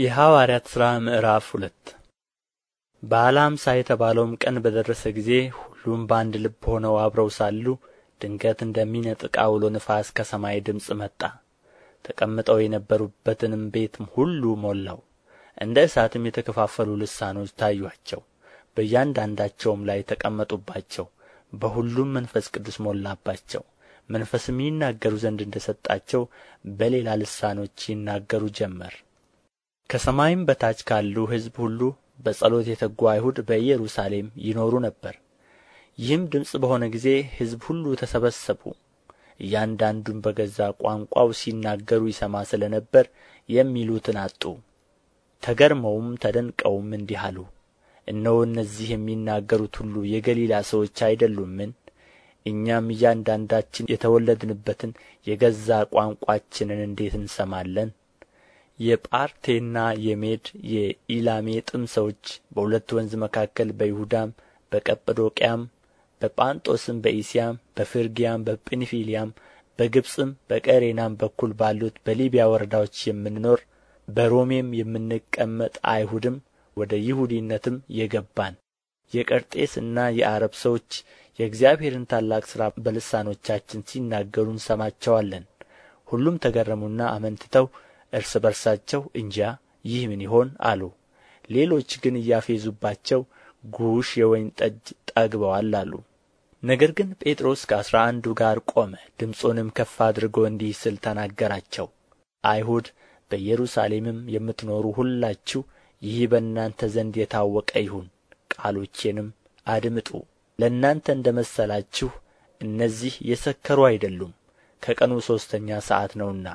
የሐዋርያት ሥራ ምዕራፍ ሁለት በዓለ ኀምሳ የተባለውም ቀን በደረሰ ጊዜ ሁሉም በአንድ ልብ ሆነው አብረው ሳሉ ድንገት እንደሚነጥቅ አውሎ ንፋስ ከሰማይ ድምፅ መጣ፣ ተቀምጠው የነበሩበትንም ቤት ሁሉ ሞላው። እንደ እሳትም የተከፋፈሉ ልሳኖች ታዩአቸው፣ በእያንዳንዳቸውም ላይ ተቀመጡባቸው። በሁሉም መንፈስ ቅዱስ ሞላባቸው፣ መንፈስም ይናገሩ ዘንድ እንደ ሰጣቸው በሌላ ልሳኖች ይናገሩ ጀመር። ከሰማይም በታች ካሉ ሕዝብ ሁሉ በጸሎት የተጉ አይሁድ በኢየሩሳሌም ይኖሩ ነበር ይህም ድምፅ በሆነ ጊዜ ሕዝብ ሁሉ ተሰበሰቡ እያንዳንዱም በገዛ ቋንቋው ሲናገሩ ይሰማ ስለ ነበር የሚሉትን አጡ ተገርመውም ተደንቀውም እንዲህ አሉ እነሆ እነዚህ የሚናገሩት ሁሉ የገሊላ ሰዎች አይደሉምን እኛም እያንዳንዳችን የተወለድንበትን የገዛ ቋንቋችንን እንዴት እንሰማለን የጳርቴና የሜድ የኢላሜጥም ሰዎች በሁለት ወንዝ መካከል በይሁዳም በቀጰዶቅያም በጳንጦስም በኢስያም በፍርግያም በጵንፊልያም በግብጽም በቀሬናም በኩል ባሉት በሊቢያ ወረዳዎች የምንኖር በሮሜም የምንቀመጥ አይሁድም ወደ ይሁዲነትም የገባን የቀርጤስና የአረብ ሰዎች የእግዚአብሔርን ታላቅ ሥራ በልሳኖቻችን ሲናገሩ እንሰማቸዋለን። ሁሉም ተገረሙና አመንትተው እርስ በርሳቸው እንጃ ይህ ምን ይሆን አሉ ሌሎች ግን እያፌዙባቸው ጉሽ የወይን ጠጅ ጠግበዋል አሉ ነገር ግን ጴጥሮስ ከአሥራ አንዱ ጋር ቆመ ድምፁንም ከፍ አድርጎ እንዲህ ስል ተናገራቸው አይሁድ በኢየሩሳሌምም የምትኖሩ ሁላችሁ ይህ በእናንተ ዘንድ የታወቀ ይሁን ቃሎቼንም አድምጡ ለእናንተ እንደ መሰላችሁ እነዚህ የሰከሩ አይደሉም ከቀኑ ሦስተኛ ሰዓት ነውና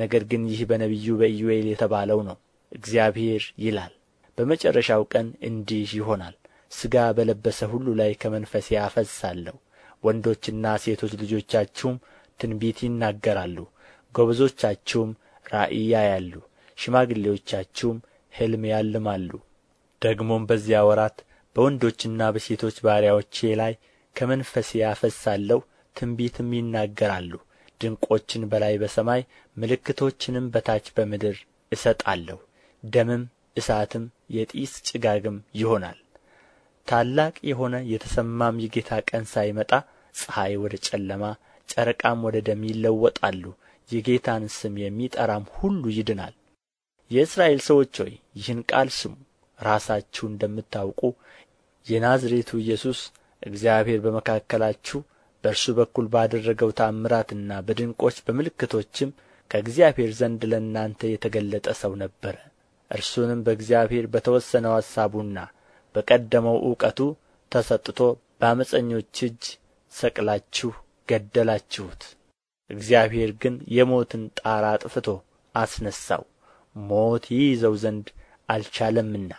ነገር ግን ይህ በነቢዩ በኢዩኤል የተባለው ነው እግዚአብሔር ይላል በመጨረሻው ቀን እንዲህ ይሆናል ሥጋ በለበሰ ሁሉ ላይ ከመንፈሴ አፈሳለሁ ወንዶችና ሴቶች ልጆቻችሁም ትንቢት ይናገራሉ ጎበዞቻችሁም ራእይ ያያሉ ሽማግሌዎቻችሁም ሕልም ያልማሉ ደግሞም በዚያ ወራት በወንዶችና በሴቶች ባሪያዎቼ ላይ ከመንፈሴ አፈሳለሁ ትንቢትም ይናገራሉ ድንቆችን በላይ በሰማይ ምልክቶችንም በታች በምድር እሰጣለሁ ደምም እሳትም የጢስ ጭጋግም ይሆናል ታላቅ የሆነ የተሰማም የጌታ ቀን ሳይመጣ ፀሐይ ወደ ጨለማ ጨረቃም ወደ ደም ይለወጣሉ የጌታን ስም የሚጠራም ሁሉ ይድናል የእስራኤል ሰዎች ሆይ ይህን ቃል ስሙ ራሳችሁ እንደምታውቁ የናዝሬቱ ኢየሱስ እግዚአብሔር በመካከላችሁ በእርሱ በኩል ባደረገው ተአምራትና በድንቆች በምልክቶችም ከእግዚአብሔር ዘንድ ለእናንተ የተገለጠ ሰው ነበረ እርሱንም በእግዚአብሔር በተወሰነው ሐሳቡና በቀደመው እውቀቱ ተሰጥቶ በአመፀኞች እጅ ሰቅላችሁ ገደላችሁት። እግዚአብሔር ግን የሞትን ጣራ አጥፍቶ አስነሣው፣ ሞት ይይዘው ዘንድ አልቻለምና።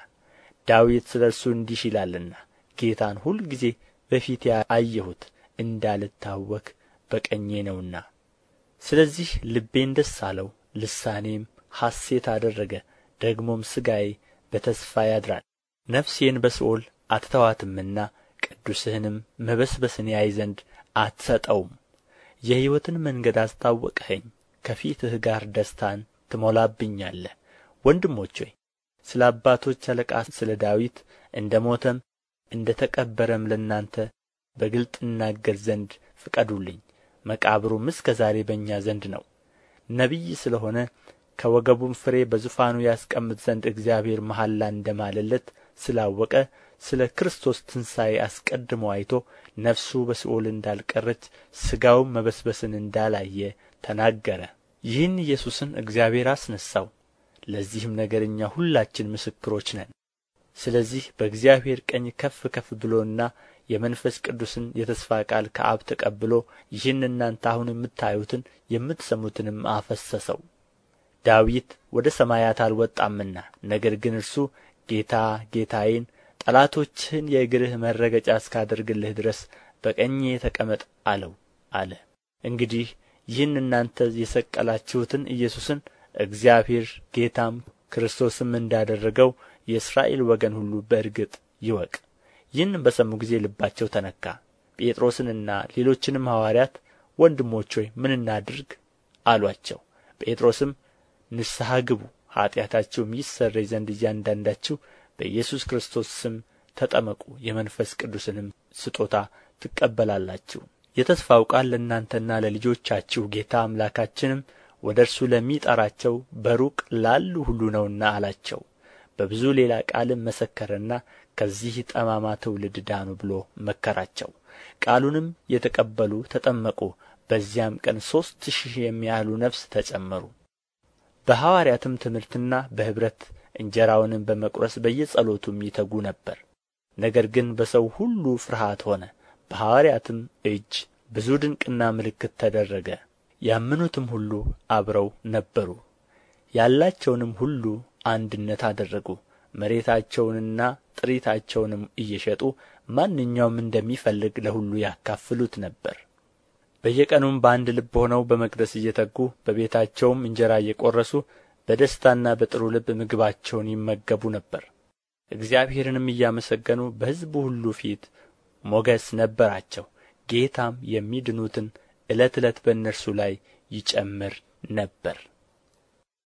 ዳዊት ስለ እርሱ እንዲህ ይላልና ጌታን ሁልጊዜ በፊቴ አየሁት እንዳልታወክ በቀኜ ነውና ስለዚህ ልቤን ደስ አለው ልሳኔም ሐሴት አደረገ ደግሞም ሥጋዬ በተስፋ ያድራል ነፍሴን በሲኦል አትተዋትምና ቅዱስህንም መበስበስን ያይ ዘንድ አትሰጠውም የሕይወትን መንገድ አስታወቅኸኝ ከፊትህ ጋር ደስታን ትሞላብኛለህ ወንድሞች ሆይ ስለ አባቶች አለቃ ስለ ዳዊት እንደ ሞተም እንደ ተቀበረም ለእናንተ በግልጥ እናገር ዘንድ ፍቀዱልኝ መቃብሩም እስከ ዛሬ በእኛ ዘንድ ነው ነቢይ ስለ ሆነ ከወገቡም ፍሬ በዙፋኑ ያስቀምጥ ዘንድ እግዚአብሔር መሐላ እንደ ማለለት ስላወቀ ስለ ክርስቶስ ትንሣኤ አስቀድሞ አይቶ ነፍሱ በሲኦል እንዳልቀረች ሥጋውም መበስበስን እንዳላየ ተናገረ ይህን ኢየሱስን እግዚአብሔር አስነሣው ለዚህም ነገር እኛ ሁላችን ምስክሮች ነን ስለዚህ በእግዚአብሔር ቀኝ ከፍ ከፍ ብሎና የመንፈስ ቅዱስን የተስፋ ቃል ከአብ ተቀብሎ ይህን እናንተ አሁን የምታዩትን የምትሰሙትንም አፈሰሰው ዳዊት ወደ ሰማያት አልወጣምና ነገር ግን እርሱ ጌታ ጌታዬን ጠላቶችህን የእግርህ መረገጫ እስካደርግልህ ድረስ በቀኜ ተቀመጥ አለው አለ። እንግዲህ ይህን እናንተ የሰቀላችሁትን ኢየሱስን እግዚአብሔር ጌታም ክርስቶስም እንዳደረገው የእስራኤል ወገን ሁሉ በእርግጥ ይወቅ። ይህንም በሰሙ ጊዜ ልባቸው ተነካ ጴጥሮስንና ሌሎችንም ሐዋርያት ወንድሞች ሆይ ምን እናድርግ አሏቸው። ጴጥሮስም ንስሐ ግቡ ኀጢአታችሁም ይሰረይ ዘንድ እያንዳንዳችሁ በኢየሱስ ክርስቶስ ስም ተጠመቁ የመንፈስ ቅዱስንም ስጦታ ትቀበላላችሁ የተስፋው ቃል ለእናንተና ለልጆቻችሁ ጌታ አምላካችንም ወደ እርሱ ለሚጠራቸው በሩቅ ላሉ ሁሉ ነውና አላቸው በብዙ ሌላ ቃልም መሰከረና ከዚህ ጠማማ ትውልድ ዳኑ ብሎ መከራቸው ቃሉንም የተቀበሉ ተጠመቁ በዚያም ቀን ሦስት ሺህ የሚያህሉ ነፍስ ተጨመሩ በሐዋርያትም ትምህርትና በኅብረት እንጀራውንም በመቁረስ በየጸሎቱም ይተጉ ነበር ነገር ግን በሰው ሁሉ ፍርሃት ሆነ በሐዋርያትም እጅ ብዙ ድንቅና ምልክት ተደረገ ያመኑትም ሁሉ አብረው ነበሩ ያላቸውንም ሁሉ አንድነት አደረጉ መሬታቸውንና ጥሪታቸውንም እየሸጡ ማንኛውም እንደሚፈልግ ለሁሉ ያካፍሉት ነበር በየቀኑም በአንድ ልብ ሆነው በመቅደስ እየተጉ በቤታቸውም እንጀራ እየቆረሱ በደስታና በጥሩ ልብ ምግባቸውን ይመገቡ ነበር። እግዚአብሔርንም እያመሰገኑ በሕዝቡ ሁሉ ፊት ሞገስ ነበራቸው። ጌታም የሚድኑትን ዕለት ዕለት በእነርሱ ላይ ይጨምር ነበር።